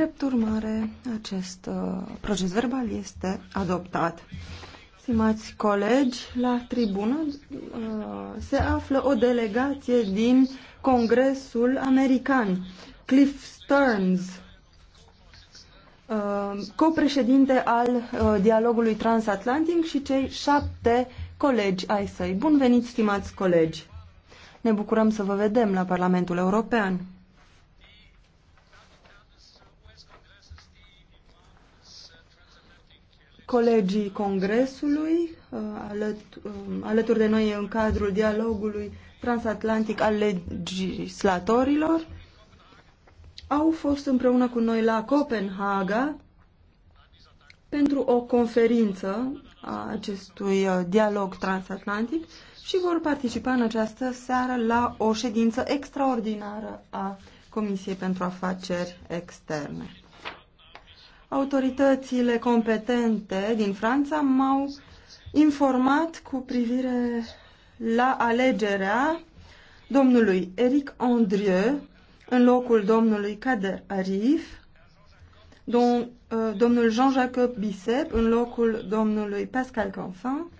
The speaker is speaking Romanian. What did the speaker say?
Drept urmare, acest uh, proces verbal este adoptat. Stimați colegi, la tribună uh, se află o delegație din Congresul American. Cliff Stearns, uh, copreședinte al uh, dialogului transatlantic și cei șapte colegi ai săi. Bun venit, stimați colegi! Ne bucurăm să vă vedem la Parlamentul European. colegii Congresului, uh, um, alături de noi în cadrul dialogului transatlantic al legislatorilor, au fost împreună cu noi la Copenhaga pentru o conferință a acestui uh, dialog transatlantic și vor participa în această seară la o ședință extraordinară a Comisiei pentru Afaceri Externe autoritățile competente din Franța m-au informat cu privire la alegerea domnului Eric Andrieu în locul domnului Kader Arif, dom uh, domnul Jean-Jacques Bisset în locul domnului Pascal Canfin